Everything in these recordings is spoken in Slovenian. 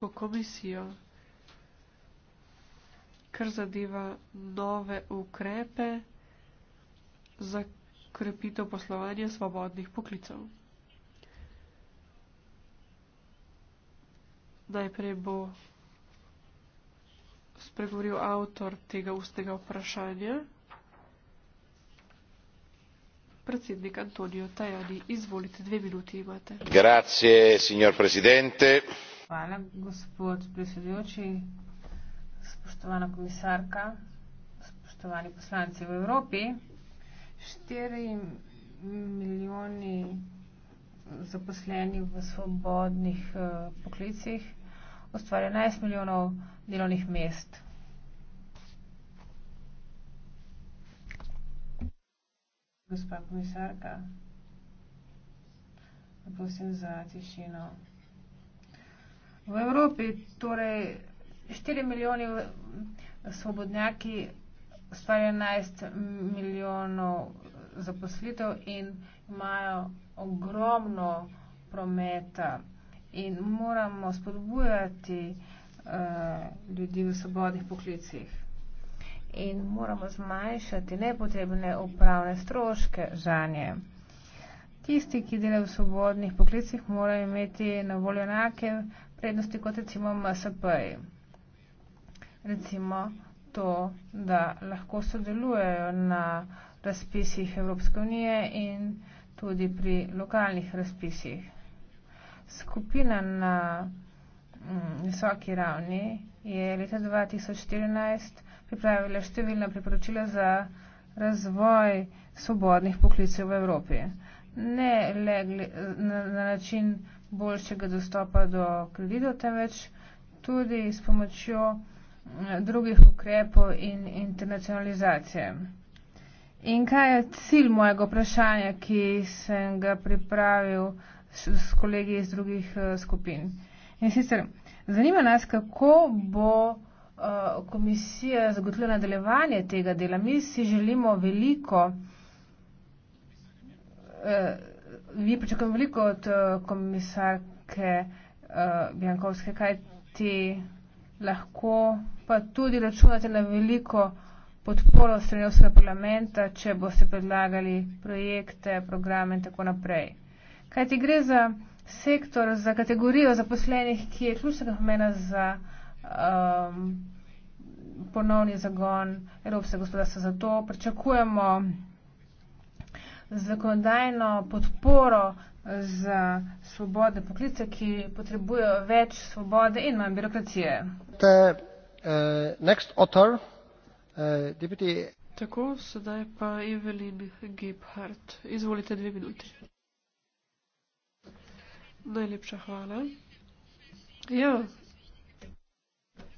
po komisijo, kar zadeva nove ukrepe za krepitev poslovanja svobodnih poklicev. Najprej bo spregovoril avtor tega ustnega vprašanja, predsednik Antonijo Tajani. Izvolite, dve minuti imate. Grazie, signor presidente. Hvala, gospod predsedujoči, spoštovana komisarka, spoštovani poslanci v Evropi. 4 milijoni zaposlenih v svobodnih uh, poklicih ustvarja 11 milijonov delovnih mest. Gospa komisarka, prosim za tišino. V Evropi torej 4 milijoni svobodnjaki ustvarjajo 11 milijonov zaposlitev in imajo ogromno prometa in moramo spodbujati uh, ljudi v svobodnih poklicih. In moramo zmanjšati nepotrebne upravne stroške zanje. Tisti, ki delajo v svobodnih poklicih, morajo imeti na voljo enake prednosti kot recimo MSP. -ji. Recimo to, da lahko sodelujejo na razpisih Evropske unije in tudi pri lokalnih razpisih. Skupina na mm, visoki ravni je leta 2014 pripravila številna priporočila za razvoj svobodnih poklicev v Evropi. Ne le na način, boljšega dostopa do kreditov, temveč tudi s pomočjo eh, drugih ukrepov in internacionalizacije. In kaj je cilj mojega vprašanja, ki sem ga pripravil s kolegi iz drugih eh, skupin? In sicer zanima nas, kako bo eh, komisija zagotovila nadaljevanje tega dela. Mi si želimo veliko vi pričakujem veliko od eh, komisarke uh, eh, Bjankovske, kaj ti lahko, pa tudi računate na veliko podporo strenjovskega parlamenta, če boste predlagali projekte, programe in tako naprej. Kaj ti gre za sektor, za kategorijo zaposlenih, ki je ključnega pomena za um, ponovni zagon evropskega gospodarstva. Zato pričakujemo zakonodajno podporo za svobodne poklice, ki potrebujejo več svobode in manj birokracije. The, uh, eh, next author, uh, deputy... Tako, sedaj pa Evelyn Gebhardt. Izvolite dve minuti. Najlepša hvala. Ja,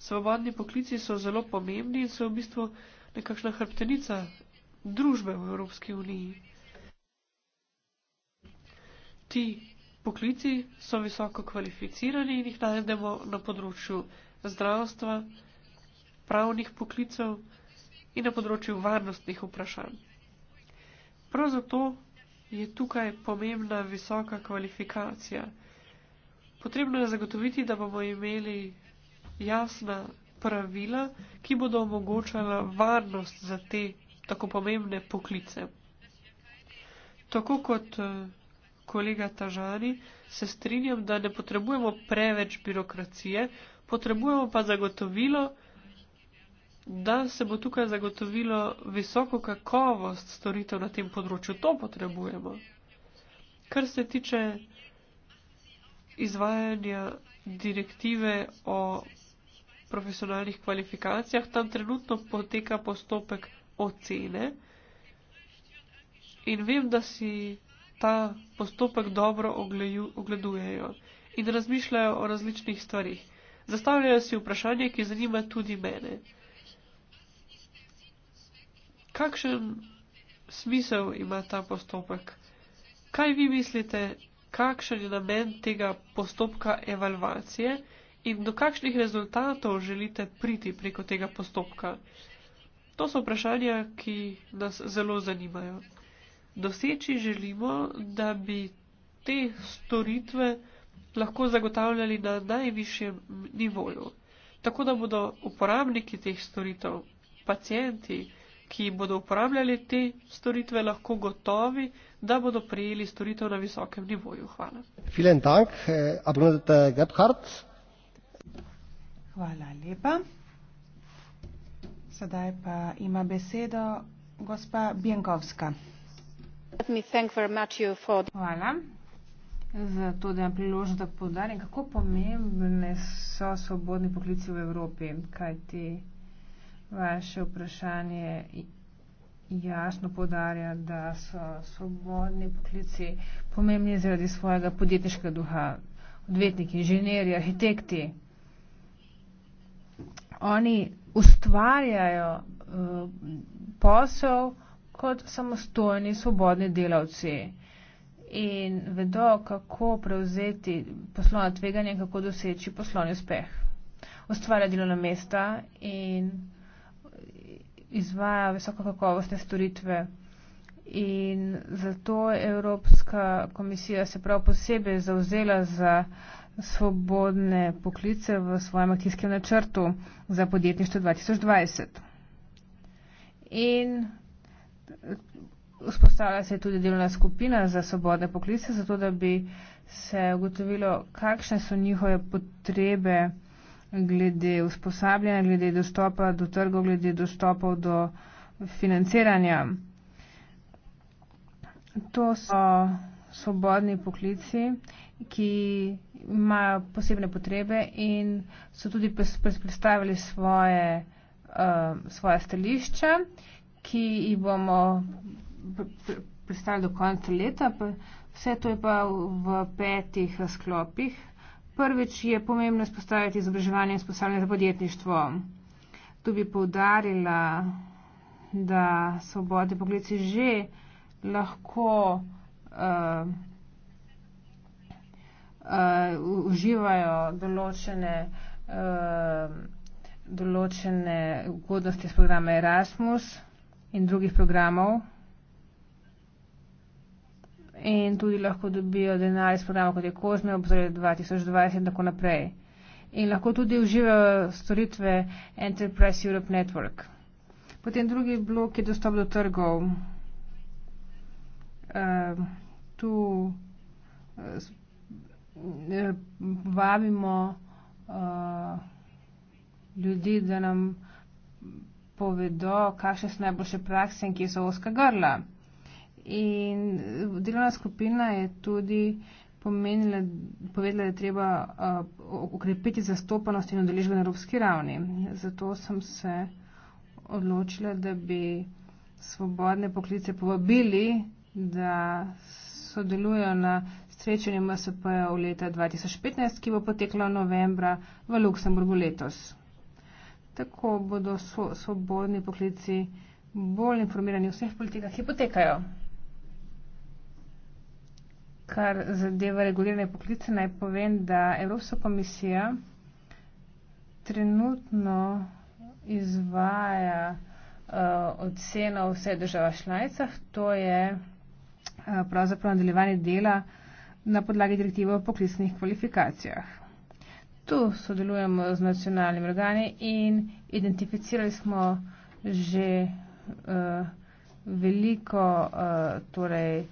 svobodni poklici so zelo pomembni in so v bistvu nekakšna hrbtenica družbe v Evropski uniji ti poklici so visoko kvalificirani in jih najdemo na področju zdravstva, pravnih poklicev in na področju varnostnih vprašanj. Prav zato je tukaj pomembna visoka kvalifikacija. Potrebno je zagotoviti, da bomo imeli jasna pravila, ki bodo omogočala varnost za te tako pomembne poklice. Tako kot eh, kolega Tažani, se strinjam, da ne potrebujemo preveč birokracije, potrebujemo pa zagotovilo, da se bo tukaj zagotovilo visoko kakovost storitev na tem področju. To potrebujemo. Kar se tiče izvajanja direktive o profesionalnih kvalifikacijah, tam trenutno poteka postopek ocene. In vem, da si ta postopek dobro ogleju, ogledujejo in razmišljajo o različnih stvarih. Zastavljajo si vprašanje, ki zanima tudi mene. Kakšen smisel ima ta postopek? Kaj vi mislite, kakšen je namen tega postopka evalvacije in do kakšnih rezultatov želite priti preko tega postopka? To so vprašanja, ki nas zelo zanimajo. Doseči želimo, da bi te storitve lahko zagotavljali na najvišjem nivoju, tako da bodo uporabniki teh storitev, pacijenti, ki bodo uporabljali te storitve, lahko gotovi, da bodo prijeli storitev na visokem nivoju. Hvala. Eh, Hvala lepa. Sedaj pa ima besedo gospa Bjenkovska. Hvala za to, da imam priložnost, da povdarim, kako pomembne so svobodni poklici v Evropi, kajti vaše vprašanje jasno podarja, da so svobodni poklici pomembni zaradi svojega podjetniškega duha. Odvetniki, inženirji, arhitekti, oni ustvarjajo uh, posel, kot samostojni svobodni delavci in vedo, kako prevzeti poslovno tveganje, kako doseči poslovni uspeh. Ustvarja delovna mesta in izvaja visoko kakovostne storitve. In zato Evropska komisija se prav posebej zauzela za svobodne poklice v svojem akcijskem načrtu za podjetništvo 2020. In Vzpostavlja se tudi delovna skupina za svobodne poklice, zato da bi se ugotovilo, kakšne so njihove potrebe glede usposabljanja, glede dostopa do trgov, glede dostopov do financiranja. To so svobodni poklici, ki imajo posebne potrebe in so tudi predstavili svoje, uh, eh, svoje stališča. Uh, ki jih bomo predstavili do konca leta. Vse to je pa v petih sklopih. Prvič je pomembno izpostaviti izobraževanje in spostavljanje za podjetništvo. Tu bi poudarila, da svobodni poklici že lahko uh, uh, uživajo določene, uh, določene ugodnosti s programa Erasmus in drugih programov. In tudi lahko dobijo denar iz programa, kot je Kozme, obzorje 2020 in tako naprej. In lahko tudi uživajo storitve Enterprise Europe Network. Potem drugi blok je dostop do trgov. Uh, tu uh, vabimo uh, ljudi, da nam povedo, kakšne so najboljše prakse in kje so oska grla. In eh, delovna skupina je tudi pomenila, povedala, da je treba uh, eh, ukrepiti zastopanost in odeležbo na evropski ravni. Zato sem se odločila, da bi svobodne poklice povabili, da sodelujo na srečanju MSP-ja v leta 2015, ki bo poteklo novembra v Luksemburgu letos tako bodo so, svobodni poklici bolj informirani v vseh politikah, ki potekajo. Kar zadeva regulirane poklice, naj povem, da Evropska komisija trenutno izvaja uh, oceno vse država šlajcah, to je uh, pravzaprav nadaljevanje dela na podlagi direktive o poklicnih kvalifikacijah. Tu sodelujemo z nacionalnimi organi in identificirali smo že uh, veliko uh, torej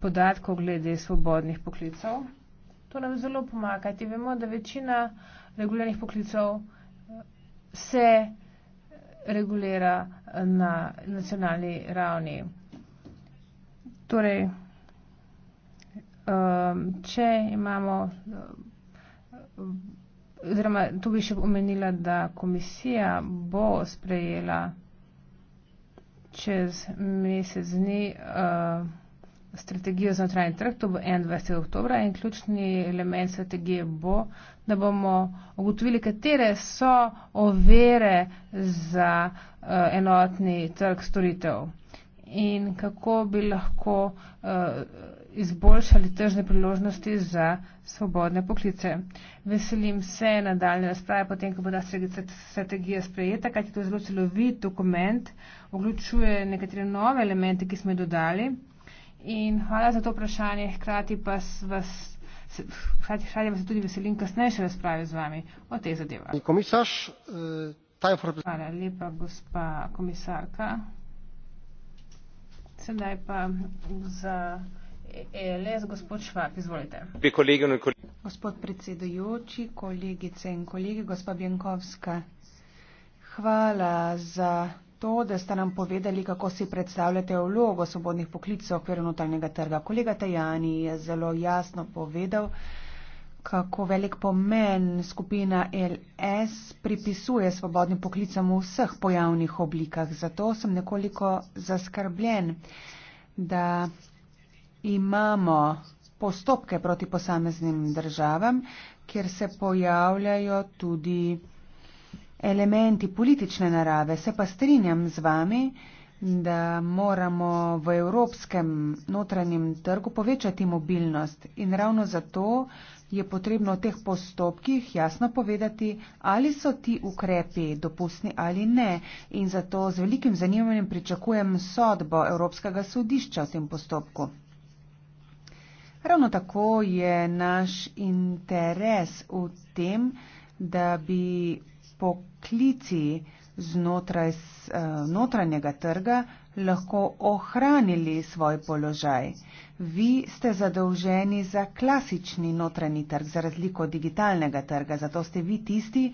podatkov glede svobodnih poklicov. To nam zelo pomaga, kajti vemo, da večina reguliranih poklicov eh, se regulira na nacionalni ravni. Torej, um, če imamo um, oziroma tu bi še omenila, da komisija bo sprejela čez mesec dni uh, strategijo za notranji trg, to bo 21. oktober in ključni element strategije bo, da bomo ugotovili, katere so overe za uh, enotni trg storitev in kako bi lahko uh, izboljšali tržne priložnosti za svobodne poklice. Veselim se nadaljne razprave, potem, ko bo ta strategija sprejeta, kajti to je zelo celovit dokument, vključuje nekatere nove elemente, ki smo jih dodali. In hvala za to vprašanje, hkrati pa vas. Hrati, hrati vas tudi veselim kasnejše razprave z vami o tej zadevi. E, hvala lepa, gospa komisarka. Sedaj pa za. ELS, gospod Švab, izvolite. Gospod predsedujoči, kolegice in kolegi, gospa Bjankovska, hvala za to, da ste nam povedali, kako si predstavljate vlogo svobodnih poklicov v okviru notranjega trga. Kolega Tajani je zelo jasno povedal, kako velik pomen skupina LS pripisuje svobodnim poklicam v vseh pojavnih oblikah. Zato sem nekoliko zaskrbljen, da imamo postopke proti posameznim državam, kjer se pojavljajo tudi elementi politične narave. Se pa strinjam z vami, da moramo v evropskem notranjem trgu povečati mobilnost in ravno zato je potrebno v teh postopkih jasno povedati, ali so ti ukrepi dopustni ali ne. In zato z velikim zanimanjem pričakujem sodbo Evropskega sodišča v tem postopku. Ravno tako je naš interes v tem, da bi poklici znotraj eh, notranjega trga lahko ohranili svoj položaj. Vi ste zadolženi za klasični notranji trg, za razliko od digitalnega trga, zato ste vi tisti,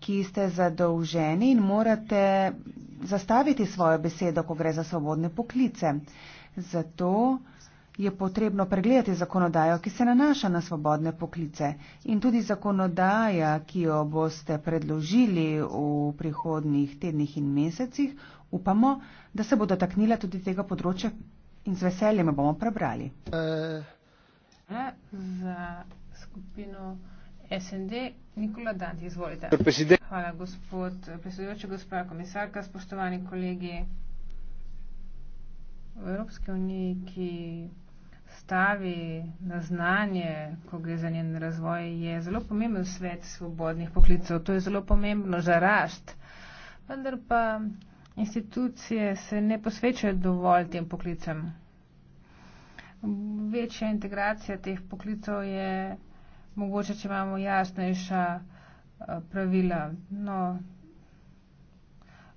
ki ste zadolženi in morate zastaviti svojo besedo, ko gre za svobodne poklice. Zato je potrebno pregledati zakonodajo, ki se nanaša na svobodne poklice in tudi zakonodaja, ki jo boste predložili v prihodnih tednih in mesecih, upamo, da se bo dotaknila tudi tega področja in z veseljem bomo prebrali. Uh. Za skupino SND Nikola Dant, izvolite. Hvala, gospod predsedujoči, gospa komisarka, spoštovani kolegi. V Evropske unije, ki postavi na znanje, ko gre za njen razvoj, je zelo pomemben svet svobodnih poklicov. To je zelo pomembno za rašt. Vendar pa institucije se ne posvečajo dovolj tem poklicem. Večja integracija teh poklicov je mogoče, če imamo jasnejša eh, pravila. No,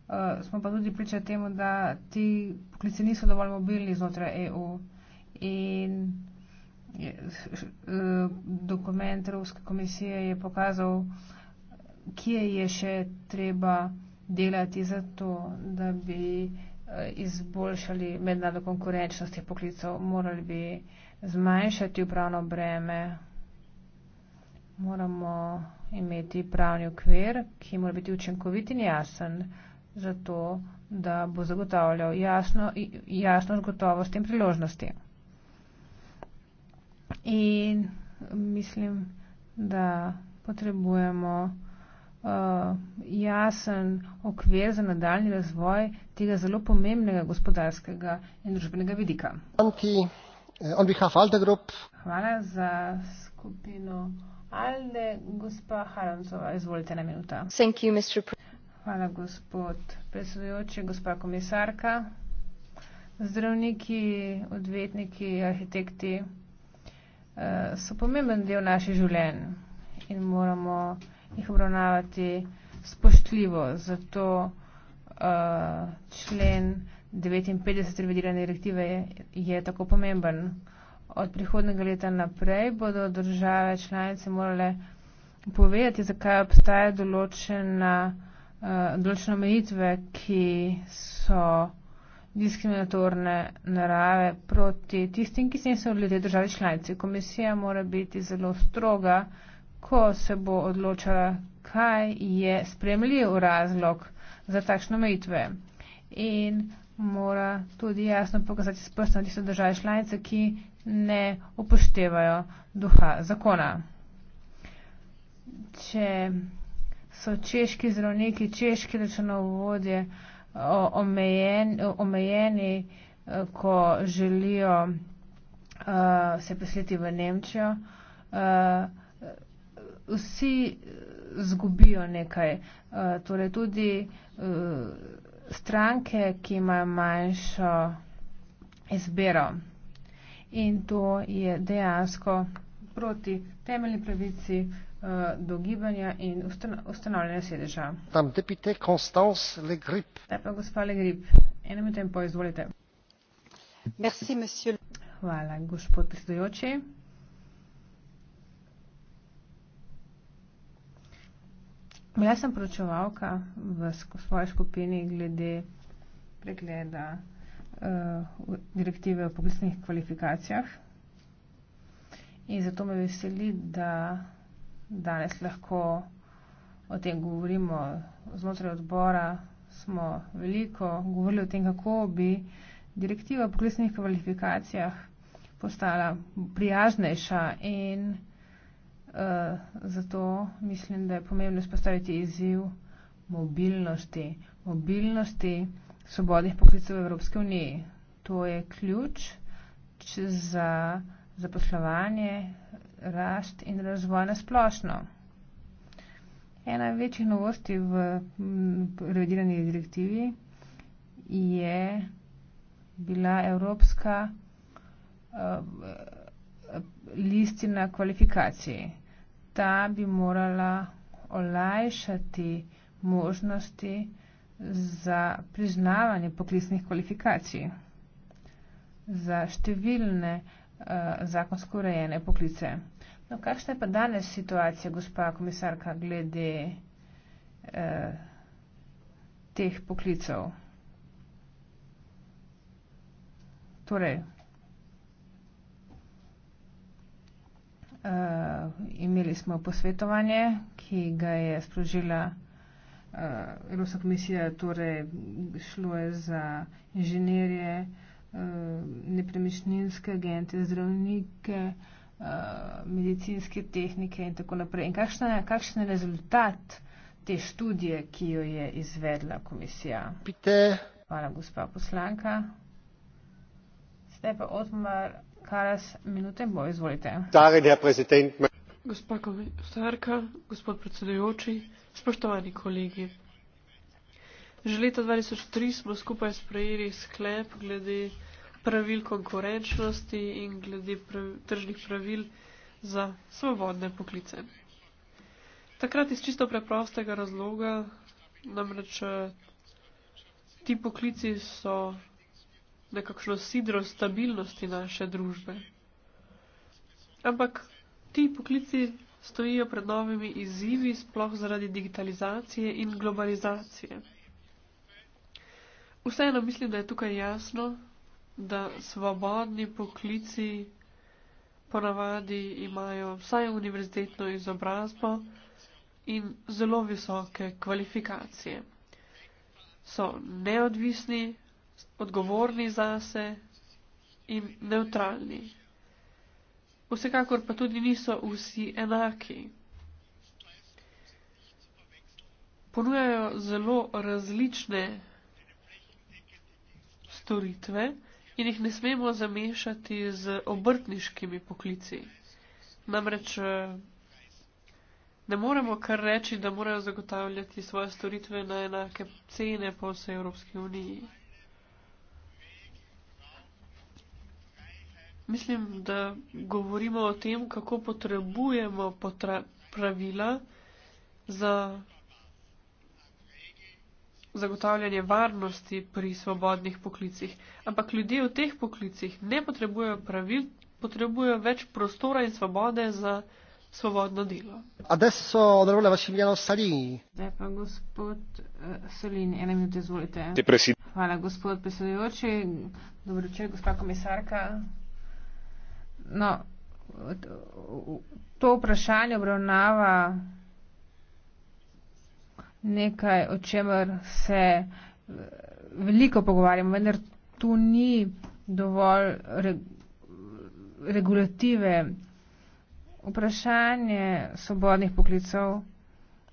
eh, smo pa tudi priča temu, da ti poklici niso dovolj mobilni znotraj EU in dokument Ruske komisije je pokazal, kje je še treba delati za to, da bi eh, izboljšali mednarodno konkurenčnost teh poklicov. Morali bi zmanjšati upravno breme, moramo imeti pravni okvir, ki mora biti učinkovit in jasen za to, da bo zagotavljal jasno, jasno zgotovost in priložnosti. In mislim, da potrebujemo uh, jasen okvir za nadaljni razvoj tega zelo pomembnega gospodarskega in družbenega vidika. Eh, Hvala za skupino Alde, gospa Harancova. Izvolite na minuta. Hvala, gospod predsedujoči, gospa komisarka, zdravniki, odvetniki, arhitekti uh, so pomemben del naše življenje in moramo jih obravnavati spoštljivo. Zato uh, člen 59 revidirane direktive je, je tako pomemben. Od prihodnega leta naprej bodo države članice morale povedati, zakaj obstajajo eh, določene uh, omejitve, ki so diskriminatorne narave proti tistim, ki se jim so odlete države članice. Komisija mora biti zelo stroga, ko se bo odločala, kaj je spremljiv razlog za takšne omejitve. In mora tudi jasno pokazati s prstom tiste države članice, ki ne upoštevajo duha zakona. Če so češki zdravniki, češki računovodje, omejen, omejeni, eh, ko želijo uh, se posliti v Nemčijo. Uh, vsi zgubijo nekaj. Uh, torej tudi uh, stranke, ki imajo manjšo izbero. In to je dejansko proti temeljni pravici uh, Eh, do gibanja in ustanovljanja sedeža. Tam depite Constance Le Grip. Da pa gospa Le Grip, eno minuto in pol izvolite. Merci, monsieur. Hvala, gospod predsedujoči. Bila sem poročevalka v svoji skupini glede pregleda uh, direktive o poklicnih kvalifikacijah. In zato me veseli, da danes lahko o tem govorimo. Znotraj odbora smo veliko govorili o tem, kako bi direktiva o poklicnih kvalifikacijah postala prijaznejša in uh, zato mislim, da je pomembno spostaviti izziv mobilnosti, mobilnosti svobodnih poklicev v Evropske unije. To je ključ za zaposlovanje rast in razvoj na splošno. Ena večjih novosti v revidirani direktivi je bila evropska eh, listina kvalifikacij. Ta bi morala olajšati možnosti za priznavanje poklicnih kvalifikacij za številne uh, zakonsko urejene poklice. No, kakšna je pa danes situacija, gospa komisarka, glede eh, teh poklicov? Torej, eh, imeli smo posvetovanje, ki ga je sprožila eh, Evropska komisija, torej šlo je za inženirje, eh, nepremičninske agente, zdravnike. Eh, Eh, medicinske tehnike in tako naprej. In kakšna, kakšen je rezultat te študije, ki jo je izvedla komisija? Pite. Hvala, gospa poslanka. Zdaj pa odmar Karas minute bo, izvolite. Darin, herr prezident. Gospa komisarka, gospod predsedujoči, spoštovani kolegi. Že leta 2003 smo skupaj sprejeli sklep glede pravil konkurenčnosti in glede prav, tržnih pravil za svobodne poklice. Takrat iz čisto preprostega razloga, namreč ti poklici so nekakšno sidro stabilnosti naše družbe. Ampak ti poklici stojijo pred novimi izzivi, sploh zaradi digitalizacije in globalizacije. Vseeno mislim, da je tukaj jasno, da svobodni poklici ponavadi imajo vsaj univerzitetno izobrazbo in zelo visoke kvalifikacije. So neodvisni, odgovorni zase in neutralni. Vsekakor pa tudi niso vsi enaki. Ponujajo zelo različne storitve, in jih ne smemo zamešati z obrtniškimi poklici. Namreč eh, ne moremo kar reči, da morajo zagotavljati svoje storitve na enake cene po vsej Evropski uniji. Mislim, da govorimo o tem, kako potrebujemo pravila za zagotavljanje varnosti pri svobodnih poklicih. Ampak ljudje v teh poklicih ne potrebujejo pravil, potrebujejo več prostora in svobode za svobodno delo. Adesso, onorevole Vasiliano Salini. Zdaj pa gospod uh, Salini, ena minuta izvolite. Hvala, gospod predsedujoči. Dobro večer, gospa komisarka. No, to vprašanje obravnava nekaj, o čemer se veliko pogovarjamo, vendar tu ni dovolj regulative. Vprašanje svobodnih poklicov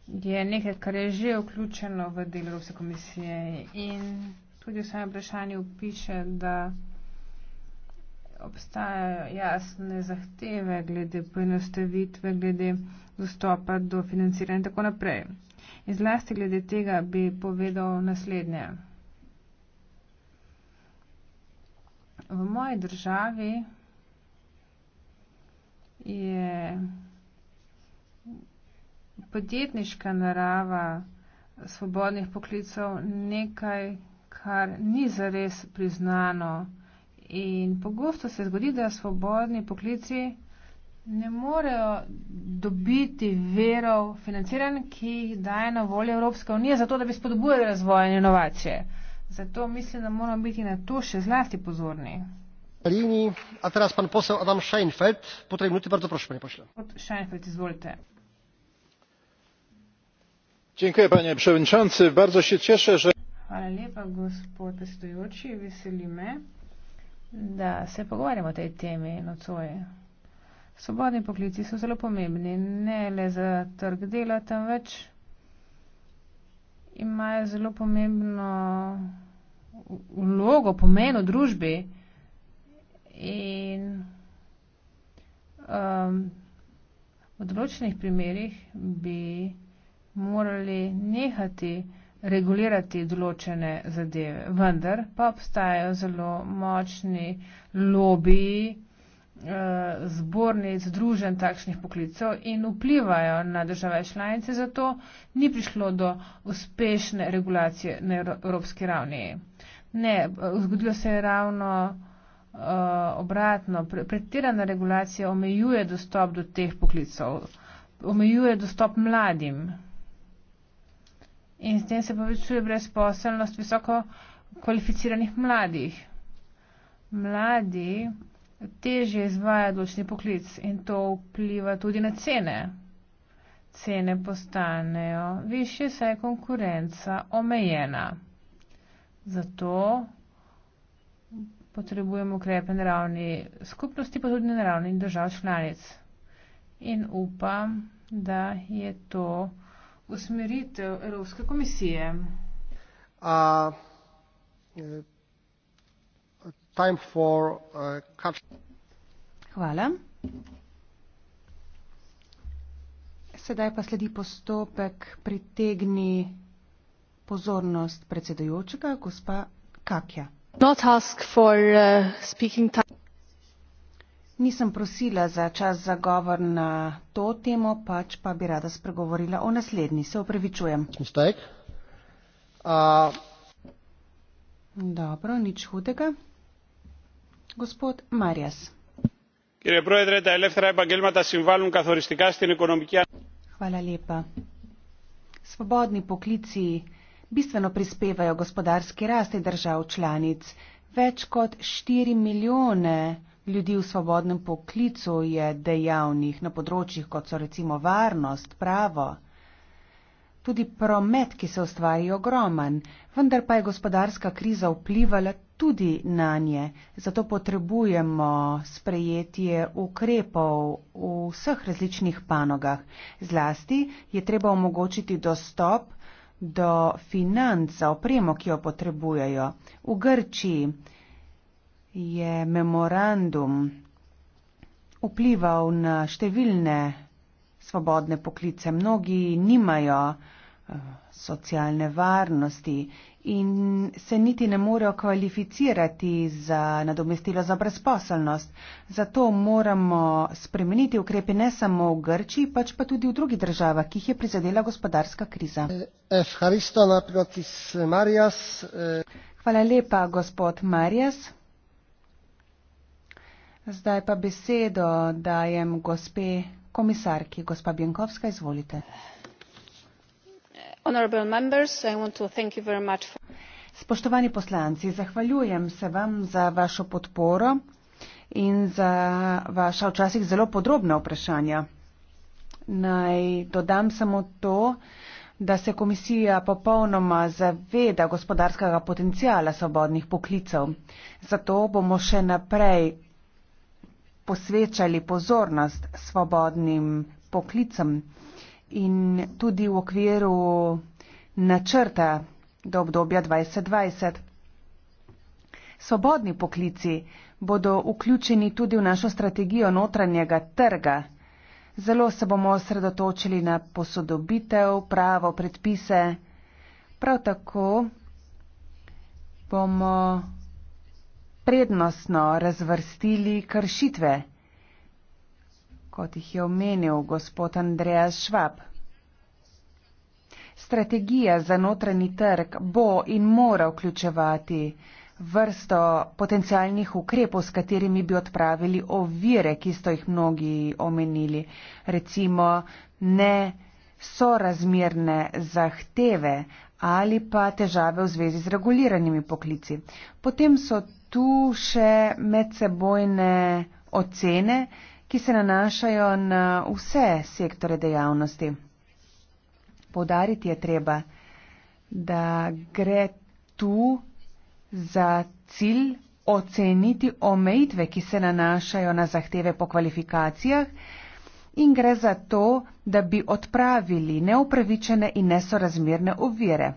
je nekaj, kar je že vključeno v delovce komisije in tudi v svojem vprašanju piše, da obstajajo jasne zahteve glede poenostavitve, glede dostopa do financiranja in tako naprej. In zlasti glede tega bi povedal naslednje. V moji državi je podjetniška narava svobodnih poklicov nekaj, kar ni zares priznano. In pogosto se zgodi, da svobodni poklici ne morejo dobiti verov financiranj, ki jih daje na voljo Evropska unija, zato da bi spodbujali razvoj in inovacije. Zato mislim, da moramo biti na to še zlasti pozorni. Lini, a teraz pan posel Adam Scheinfeld, po tri minuti, bardzo prosim, panie pośle. Scheinfeld, izvolite. Dziękuję, panie przewodniczący. Bardzo się cieszę, że. Hvala lepa, gospod predsedujoči. Veseli me, da se pogovarjamo o tej temi nocoj. Svobodni poklici so zelo pomembni, ne le za trg dela, temveč imajo zelo pomembno vlogo, pomen v družbi in um, v določenih primerjih bi morali nehati regulirati določene zadeve. Vendar pa obstajajo zelo močni lobiji. Eh, zbornic, združen takšnih poklicov in vplivajo na države članice, zato ni prišlo do uspešne regulacije na evropski ravni. Ne, zgodilo se je ravno uh, obratno. Pretirana regulacija omejuje dostop do teh poklicov, omejuje dostop mladim in s tem se povečuje brezposelnost visoko kvalificiranih mladih. Mladi težje izvaja odločni poklic in to vpliva tudi na cene. Cene postanejo više, saj je konkurenca omejena. Zato potrebujemo ukrepe na ravni skupnosti, pa tudi na ravni držav članic. In upam, da je to usmeritev Evropske komisije. A, eh. Uh, Hvala. Sedaj pa sledi postopek pritegni pozornost predsedojočega, gospa Kakja. Not ask for, uh, speaking time. Nisem prosila za čas za govor na to temo, pač pa bi rada spregovorila o naslednji. Se opravičujem. Uh. Dobro, nič hudega κύριε πρόεδρε τα ελεύθερα επαγγέλματα συμβάλλουν καθοριστικά στην οικονομική Svobodni poklici bistveno prispevajo gospodarski rasti držav članic. Več kot 4 milijone ljudi v svobodnem poklicu je dejavnih na področjih, kot so recimo varnost, pravo, zdravstvo, Tudi promet, ki se ustvari, je ogroman, vendar pa je gospodarska kriza vplivala tudi na nje. Zato potrebujemo sprejetje ukrepov v vseh različnih panogah. Zlasti je treba omogočiti dostop do financa, opremo, ki jo potrebujejo. V Grčiji je memorandum vplival na številne svobodne poklice, mnogi nimajo eh, socialne varnosti in se niti ne morejo kvalificirati za nadomestilo za brezposelnost. Zato moramo spremeniti ukrepe ne samo v Grči, pač pa tudi v drugih državah, ki jih je prizadela gospodarska kriza. Eh, eh, Hvala lepa, gospod Marjas. Zdaj pa besedo dajem gospe komisarki. Gospa Bjankovska, izvolite. Spoštovani poslanci, zahvaljujem se vam za vašo podporo in za vaša včasih zelo podrobna vprašanja. Naj dodam samo to, da se komisija popolnoma zaveda gospodarskega potencijala svobodnih poklicev. Zato bomo še naprej posvečali pozornost svobodnim poklicem in tudi v okviru načrta do obdobja 2020. Svobodni poklici bodo vključeni tudi v našo strategijo notranjega trga. Zelo se bomo osredotočili na posodobitev, pravo, predpise. Prav tako bomo prednostno razvrstili kršitve, kot jih je omenil gospod Andreas Švab. Strategija za notranji trg bo in mora vključevati vrsto potencijalnih ukrepov, s katerimi bi odpravili ovire, ki so jih mnogi omenili, recimo ne sorazmerne zahteve ali pa težave v zvezi z reguliranimi poklici. Potem so tu še medsebojne ocene, ki se nanašajo na vse sektore dejavnosti. Povdariti je treba, da gre tu za cilj oceniti omejitve, ki se nanašajo na zahteve po kvalifikacijah in gre za to, da bi odpravili neupravičene in nesorazmerne ovire.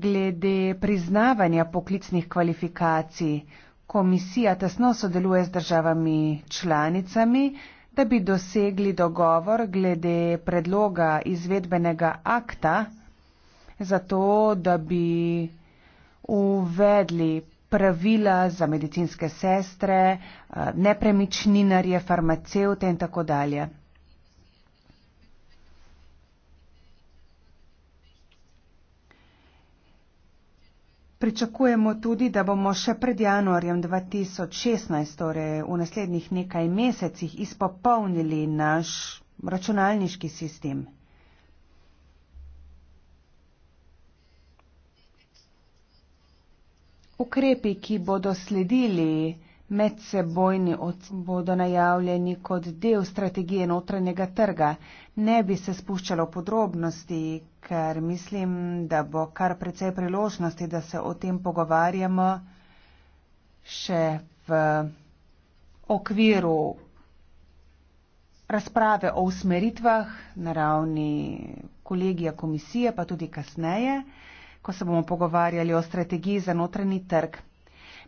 Glede priznavanja poklicnih kvalifikacij, komisija tesno sodeluje z državami članicami, da bi dosegli dogovor glede predloga izvedbenega akta, zato da bi uvedli pravila za medicinske sestre, eh, nepremičninarje, farmacevte in tako dalje. Pričakujemo tudi, da bomo še pred januarjem 2016, torej v naslednjih nekaj mesecih, izpopolnili naš računalniški sistem. Ukrepi, ki bodo sledili medsebojni, bodo najavljeni kot del strategije notranjega trga. Ne bi se spuščalo podrobnosti, ker mislim, da bo kar precej priložnosti, da se o tem pogovarjamo še v okviru razprave o usmeritvah na ravni kolegija komisije, pa tudi kasneje, ko se bomo pogovarjali o strategiji za notranji trg.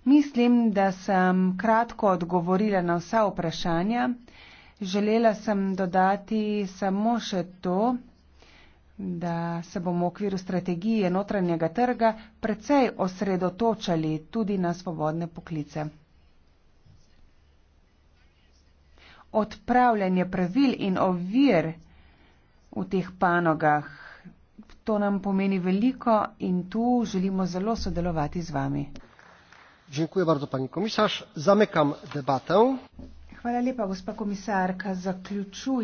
Mislim, da sem kratko odgovorila na vsa vprašanja. Želela sem dodati samo še to, da se bomo v okviru strategije notranjega trga precej osredotočali tudi na svobodne poklice. Odpravljanje pravil in ovir v teh panogah, to nam pomeni veliko in tu želimo zelo sodelovati z vami. Dziękuję bardzo, pani komisarz. Zamykam debatę. Hvala lepa, gospa komisarka. Zaključuj.